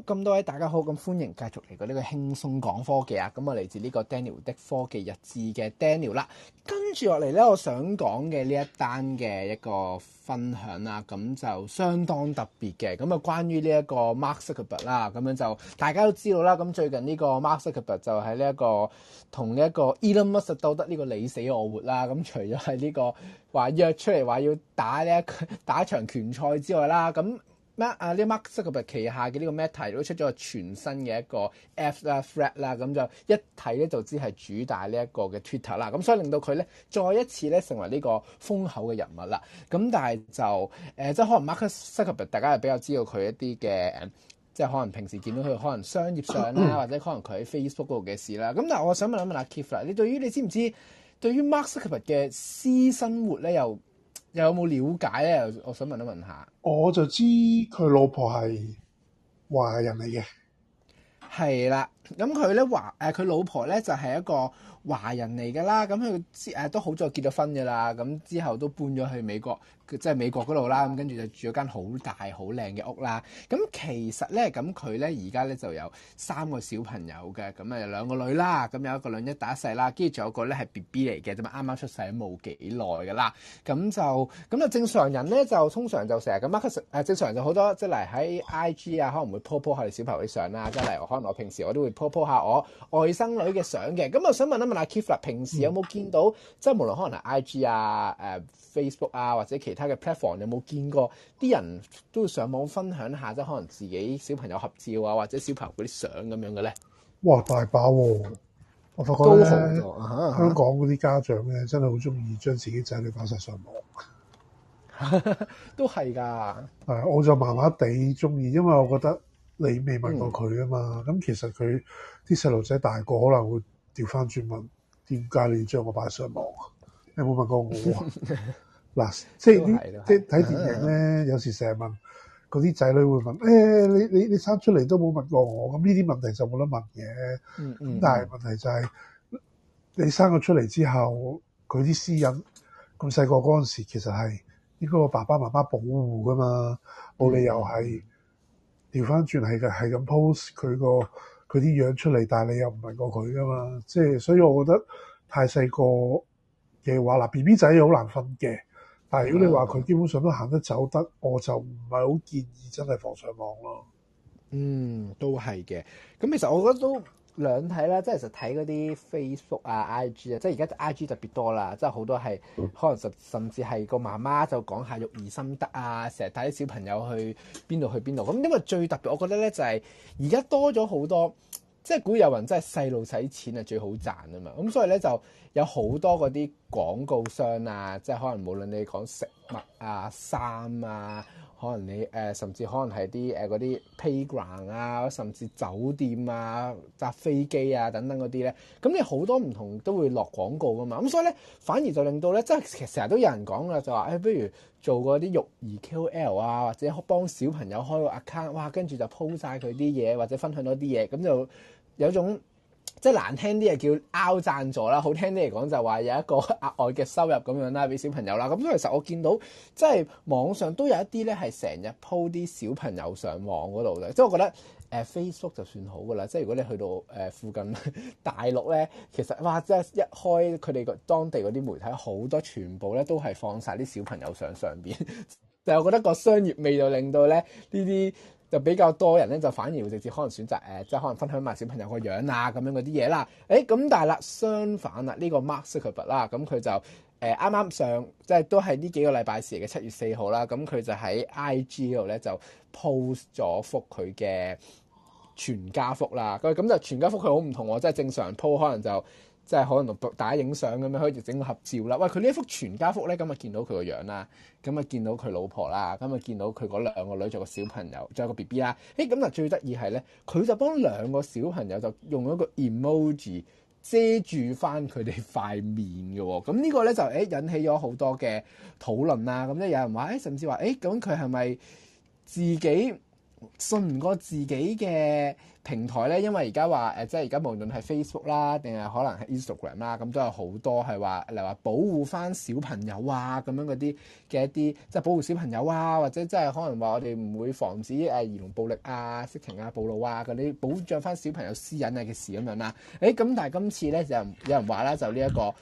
咁多位大家好，咁歡迎繼續嚟到呢個輕鬆講科技啊！咁啊，嚟自呢個 Daniel 的科技日誌嘅 Daniel 啦，跟住落嚟咧，我想講嘅呢一單嘅一個分享啦，咁就相當特別嘅。咁啊，關於呢一個 Mark Zuckerberg 啦，咁樣就大家都知道啦。咁最近呢個 Mark Zuckerberg 就喺呢一個同一個 Elon Musk 鬥得呢個你死我活啦。咁除咗係呢個話約出嚟話要打呢一打一場拳賽之外啦，咁。啊？呢 Mark Zuckerberg 旗下嘅呢個 Meta 都出咗全新嘅一個 app 啦，Thread 啦，咁就一睇咧就知係主打呢一個嘅 Twitter 啦，咁所以令到佢咧再一次咧成為呢個風口嘅人物啦。咁但係就誒，即、呃、係可能 Mark Zuckerberg 大家係比較知道佢一啲嘅，即係可能平時見到佢可能商業上啦，或者可能佢喺 Facebook 度嘅事啦。咁但係我想問一問阿 Kif 啦，你對於你知唔知對於 Mark Zuckerberg 嘅私生活咧又有冇了解咧？我想問一問下。我就知佢老婆係華人嚟嘅，係啦。咁佢咧華誒、呃、佢老婆咧就係一個華人嚟㗎啦，咁佢誒都好早結咗婚㗎啦，咁之後都搬咗去美國，即係美國嗰度啦，咁跟住就住咗間好大好靚嘅屋啦。咁其實咧，咁佢咧而家咧就有三個小朋友嘅，咁啊兩個女啦，咁有一個女一打細啦，跟住仲有一個咧係 BB 嚟嘅，咁啱啱出世冇幾耐㗎啦。咁就咁啊正常人咧就通常就成日咁 Mark 正常人就好多即係嚟喺 IG 啊，可能會 po po 下啲小朋友啲相啦，即係例如可能我平時我都會。po 下我外甥女嘅相嘅，咁我想問一問阿 Kif 啦，平時有冇見到即係、嗯、無論可能係 IG 啊、誒、呃、Facebook 啊或者其他嘅 platform，有冇見過啲人都上網分享下，即、就、係、是、可能自己小朋友合照啊，或者小朋友嗰啲相咁樣嘅咧？哇，大把喎、啊！我發覺咧，都香港嗰啲家長咧，真係好中意將自己仔女擺晒上網， 都係㗎的。係，我就麻麻地中意，因為我覺得。你未問過佢啊嘛？咁、嗯、其實佢啲細路仔大個可能會調翻轉問：點解你將我擺上網？你有冇問過我？嗱， 即係你睇電影咧，有時成日問嗰啲仔女會問：誒、欸，你你你,你生出嚟都冇問過我咁？呢啲問題就冇得問嘅。但係問題就係、是、你生咗出嚟之後，佢啲私隱咁細個嗰陣時,時，其實係應該個爸爸媽媽保護噶嘛，冇理由係。嗯調翻轉係嘅，係咁 post 佢個佢啲樣出嚟，但係你又唔問過佢噶嘛？即係，所以，我覺得太細個嘅話，嗱 B B 仔好難瞓嘅。但係如果你話佢基本上都行得走得，我就唔係好建議真係防上網咯。嗯，都係嘅。咁其實我覺得都兩睇啦，即係其實睇嗰啲 Facebook 啊、IG 啊，即係而家 IG 特別多啦，即係好多係可能甚甚至係個媽媽就講下育兒心得啊，成日帶啲小朋友去邊度去邊度咁。因為最特別，我覺得咧就係而家多咗好多，即係古有云，真係細路使錢啊最好賺啊嘛。咁所以咧就有好多嗰啲廣告商啊，即係可能無論你講食物啊、衫啊。可能你誒、呃、甚至可能係啲誒嗰啲、呃、playground 啊，甚至酒店啊、搭飛機啊等等嗰啲咧，咁你好多唔同都會落廣告噶嘛，咁所以咧反而就令到咧，即係其實成日都有人講啦，就話誒，不、哎、如做嗰啲育兒 KOL 啊，或者幫小朋友開個 account，哇，跟住就鋪晒佢啲嘢，或者分享多啲嘢，咁就有種。即係難聽啲嘅叫拗贊助啦，好聽啲嚟講就話有一個額外嘅收入咁樣啦，俾小朋友啦。咁其實我見到即係網上都有一啲咧係成日鋪啲小朋友上網嗰度，即係我覺得誒 Facebook 就算好噶啦。即係如果你去到誒附近大陸咧，其實哇，即係一開佢哋個當地嗰啲媒體，好多全部咧都係放晒啲小朋友上上邊，就係，我覺得個商業味道令到咧呢啲。就比較多人咧，就反而會直接可能選擇誒、呃，即係可能分享埋小朋友個樣啊，咁樣嗰啲嘢啦。誒、欸，咁但係啦，相反啦，呢、這個 Mark Zuckerberg 啦，咁佢就誒啱啱上，即係都係呢幾個禮拜時嘅七月四號啦，咁佢就喺 IG 嗰度咧就 post 咗幅佢嘅全家福啦。咁咁就全家福佢好唔同喎、啊，即係正常 post 可能就。即係可能同打影相咁樣，可以就整個合照啦。喂，佢呢一幅全家福咧，咁啊見到佢個樣啦，咁啊見到佢老婆啦，咁啊見到佢嗰兩個女做個小朋友，仲有個 B B 啦。誒咁啊，最得意係咧，佢就幫兩個小朋友就用一個 emoji 遮住翻佢哋塊面嘅喎。咁呢個咧就誒、哎、引起咗好多嘅討論啦。咁咧有人話誒、哎，甚至話誒，咁佢係咪自己？信唔過自己嘅平台咧，因為而家話誒，即係而家無論係 Facebook 啦，定係可能係 Instagram 啦，咁都有好多係話，例如話保護翻小朋友啊咁樣嗰啲嘅一啲，即係保護小朋友啊，或者即係可能話我哋唔會防止誒兒童暴力啊、色情啊、暴露啊嗰啲，保障翻小朋友私隱啊嘅事咁樣啦。誒、欸，咁但係今次咧就有人話啦，就呢、這、一個。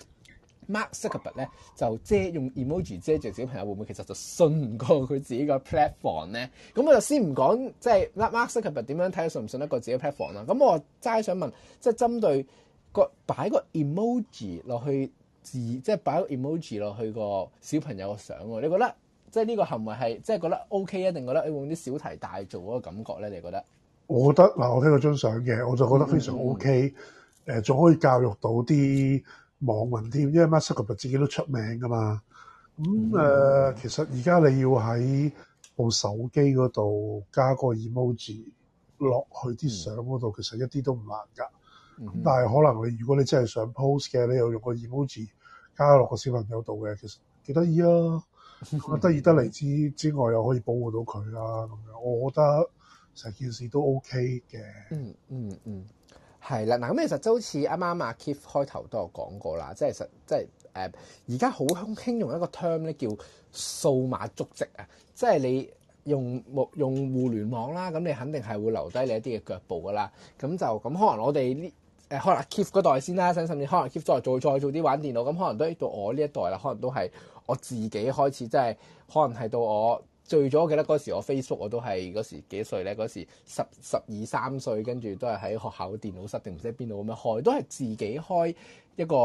Mark Zuckerberg 咧就遮用 emoji 遮住小朋友，會唔會其實就信唔過佢自己個 platform 咧？咁我就先唔講，即係 Mark Zuckerberg 點樣睇信唔信得過自己 platform 啦。咁我齋想問，即係針對個擺個 emoji 落去自，即係擺個 emoji 落去個小朋友嘅相喎，你覺得即係呢個行為係即係覺得 OK 啊，定覺得誒用啲小題大做嗰個感覺咧？你覺得？我覺得嗱，我聽過張相嘅，我就覺得非常 OK，誒仲、嗯、可以教育到啲網民添，因為 Microsoft 自己都出名噶嘛。咁、嗯、誒、mm hmm. 呃，其實而家你要喺部手機嗰度加個 emoji 落去啲相嗰度，其實一啲都唔難噶。Mm hmm. 但係可能你如果你真係想 post 嘅，你又用個 emoji 加落個小朋友度嘅，其實幾、mm hmm. 得意啊！咁得意得嚟之之外，又可以保護到佢啦。咁樣，我覺得成件事都 OK 嘅。嗯嗯嗯。Hmm. 係啦，嗱咁、嗯、其實就好似啱啱阿 Keith 開頭都有講過啦，即係實即係誒，而家好興用一個 term 咧叫數碼足跡啊，即係你用用互聯網啦，咁你肯定係會留低你一啲嘅腳步㗎啦，咁就咁可能我哋呢誒可能 Keith 嗰代先啦，甚至可能 Keith 再做再做啲玩電腦，咁可能都到我呢一代啦，可能都係我自己開始，即係可能係到我。最早記得嗰時，我 Facebook 我都係嗰時幾歲咧？嗰時十十二三歲，跟住都係喺學校電腦室定唔知邊度咁樣開，都係自己開一個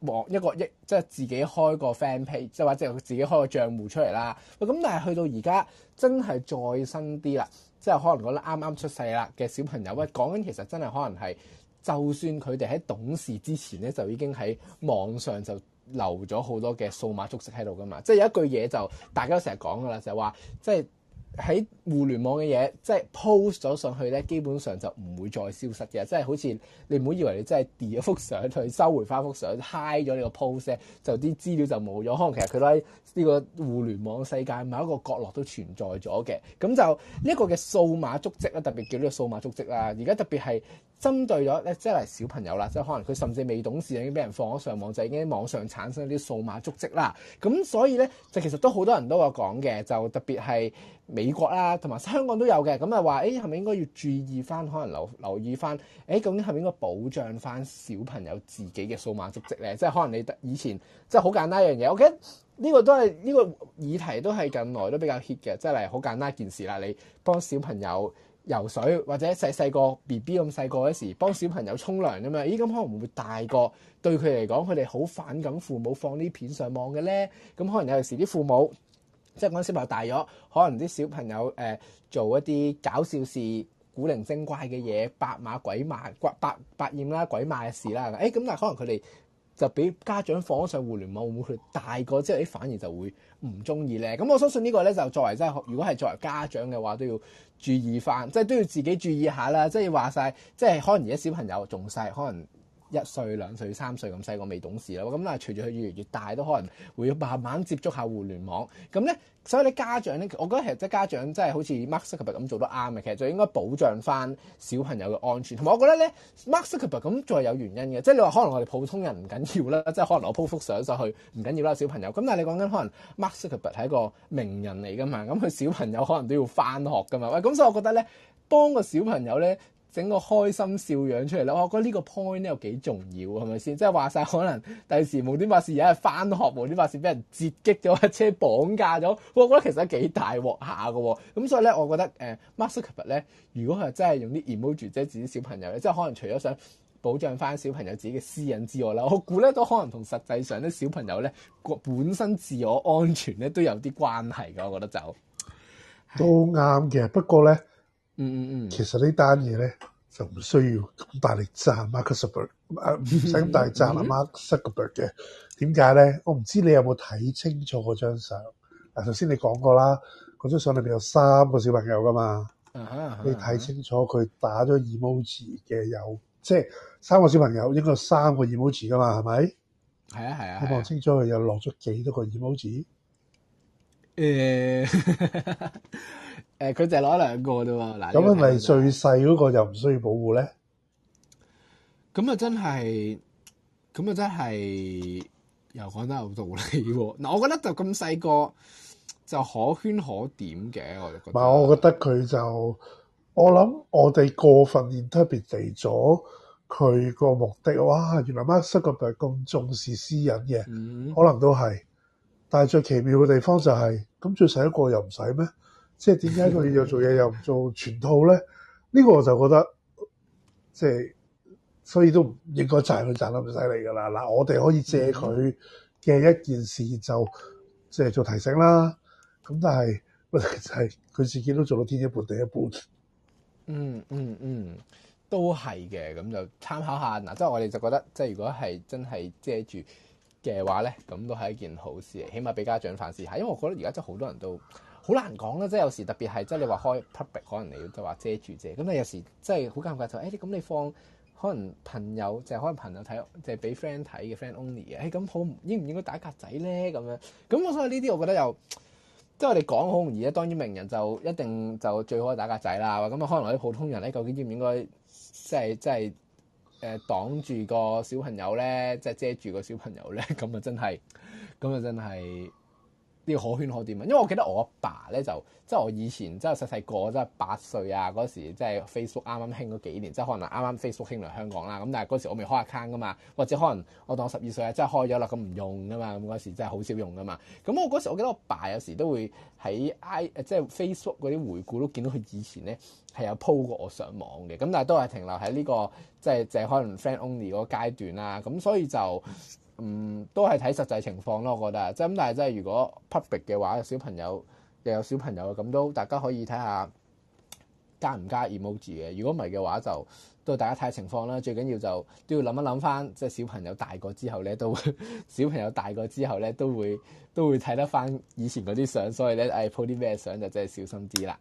網一個一個，即係自己開個 fan page，即係話即係自己開個賬戶出嚟啦。咁但係去到而家真係再新啲啦，即係可能覺得啱啱出世啦嘅小朋友咧，講緊其實真係可能係，就算佢哋喺懂事之前咧，就已經喺網上就。留咗好多嘅數碼足跡喺度㗎嘛，即係有一句嘢就大家成日講㗎啦，就係話即係喺互聯網嘅嘢，即係 post 咗上去咧，基本上就唔會再消失嘅，即係好似你唔好以為你真係 d 咗幅相去收回翻幅相，high 咗你個 post 就啲資料就冇咗。可能其實佢都喺呢個互聯網世界某一個角落都存在咗嘅。咁就呢一個嘅數碼足跡咧，特別叫呢個數碼足跡啦。而家特別係。針對咗咧，即係小朋友啦，即係可能佢甚至未懂事已經俾人放咗上網，就已經喺網上產生一啲數碼足跡啦。咁所以咧，就其實都好多人都有講嘅，就特別係美國啦，同埋香港都有嘅。咁啊話，誒係咪應該要注意翻，可能留留意翻，誒咁係咪應該保障翻小朋友自己嘅數碼足跡咧？即係可能你以前即係好簡單一樣嘢。我記得呢個都係呢、呢個議題都係近來都比較 hit 嘅，即係好簡單一件事啦。你幫小朋友。游水或者細細個 B B 咁細個嗰時幫小朋友沖涼啊嘛，咦咁可能會唔會大個對佢嚟講佢哋好反感父母放呢片上網嘅咧，咁可能有時啲父母即係講小朋友大咗，可能啲小朋友誒、呃、做一啲搞笑事、古靈精怪嘅嘢、白馬鬼馬、白白厭啦、鬼馬嘅事啦，誒咁但係可能佢哋。就俾家長放咗上互聯網，會唔會大個之後啲反而就會唔中意咧？咁我相信呢個咧就作為即係，如果係作為家長嘅話，都要注意翻，即係都要自己注意下啦。即係話晒，即係可能而家小朋友仲細，可能。一歲、兩歲、三歲咁細個未懂事啦，咁但係，隨住佢越嚟越大，都可能會要慢慢接觸下互聯網。咁咧，所以咧家長咧，我覺得其實即係家長真係好似 Mark Zuckerberg 咁做得啱嘅，其實就應該保障翻小朋友嘅安全。同埋我覺得咧，Mark Zuckerberg 咁仲係有原因嘅，即係你話可能我哋普通人唔緊要啦，即係可能我鋪幅相上去唔緊要啦，小朋友。咁但係你講緊可能 Mark Zuckerberg 係一個名人嚟噶嘛，咁佢小朋友可能都要翻學噶嘛。喂，咁所以我覺得咧，幫個小朋友咧，整個開心笑樣出嚟啦！我覺得呢個 point 咧又幾重要，係咪先？即係話晒，可能第時無端白事而家係返學，無端白事俾人截擊咗架車、綁架咗，我覺得其實幾大鑊下嘅。咁所以咧，我覺得誒 Mark Zuckerberg 咧，如果係真係用啲 emoji 即係自己小朋友咧，即係可能除咗想保障返小朋友自己嘅私隱之外啦，我估咧都可能同實際上啲小朋友咧個本身自我安全咧都有啲關係嘅。我覺得就都啱嘅，不過咧。嗯嗯嗯，其實呢單嘢咧就唔需要咁大力讚 Mark Zuckerberg，唔使咁大力讚啊 Mark Zuckerberg 嘅，點解咧？我唔知你有冇睇清楚嗰張相。嗱、啊，頭先你講過啦，嗰張相裏面有三個小朋友噶嘛，uh huh, uh huh. 你睇清楚佢打咗 emoji 嘅有，即、就、係、是、三個小朋友應該有三個 emoji 噶嘛，係咪？係啊係啊，我、huh, 望、uh huh. 清楚佢又落咗幾多個 emoji？誒，誒、 呃，佢就攞一兩個啫喎。嗱、啊，咁係咪最細嗰個又唔需要保護咧？咁啊，真係，咁啊，真係，又講得有道理喎。嗱，我覺得就咁細個就可圈可點嘅，我就覺得。唔係，我覺得佢就，我諗我哋過分 interpret 咗佢個目的。哇，原來 Mark Zuckerberg 佢哋咁重視私隱嘅，嗯、可能都係。但係最奇妙嘅地方就係、是，咁最細一個又唔使咩？即係點解佢要做嘢又唔做全套咧？呢、這個我就覺得，即係，所以都唔應該賺佢賺得咁犀利噶啦。嗱，我哋可以借佢嘅一件事就，即係、嗯、做提醒啦。咁但係、就是，就係佢自己都做到天一半地一半。嗯嗯嗯，都係嘅。咁就參考下嗱，即係我哋就覺得，即係如果係真係遮住。嘅話咧，咁都係一件好事嚟，起碼俾家長反思下。因為我覺得而家真係好多人都好難講啦，即係有時特別係即係你話開 public，可能你要即係話遮住啫。咁你有時真係好尷尬，就誒你咁你放可能朋友就係可能朋友睇，就係俾 friend 睇嘅 friend only 嘅、欸。誒咁好應唔應該打格仔咧？咁樣咁，我所以呢啲我覺得又即係我哋講好容易啊。當然名人就一定就最好打格仔啦。咁啊，可能啲普通人咧，究竟應唔應該即係即係？誒擋住個小朋友咧，即係遮住個小朋友咧，咁 啊真係，咁啊真係。啲可圈可點啊！因為我記得我阿爸呢就即係我以前即係細細個即係八歲啊嗰時即係 Facebook 啱啱興嗰幾年，即係可能啱啱 Facebook 興嚟香港啦。咁但係嗰時我未開 account 㗎嘛，或者可能我當我十二歲啊，即係開咗啦，咁唔用㗎嘛。咁嗰時真係好少用㗎嘛。咁我嗰時我記得我阿爸有時都會喺 I 即係 Facebook 嗰啲回顧都見到佢以前呢係有 po 過我上網嘅。咁但係都係停留喺呢個即係即係可能 friend only 嗰個階段啦、啊。咁所以就。嗯，都係睇實際情況咯，我覺得即係咁。但係即係如果 public 嘅話，有小朋友又有小朋友咁都，大家可以睇下加唔加 emoji 嘅。如果唔係嘅話，就都大家睇下情況啦。最緊要就都要諗一諗翻，即係小朋友大個之後咧，都會小朋友大個之後咧，都會都會睇得翻以前嗰啲相，所以咧，誒 po 啲咩相就真係小心啲啦。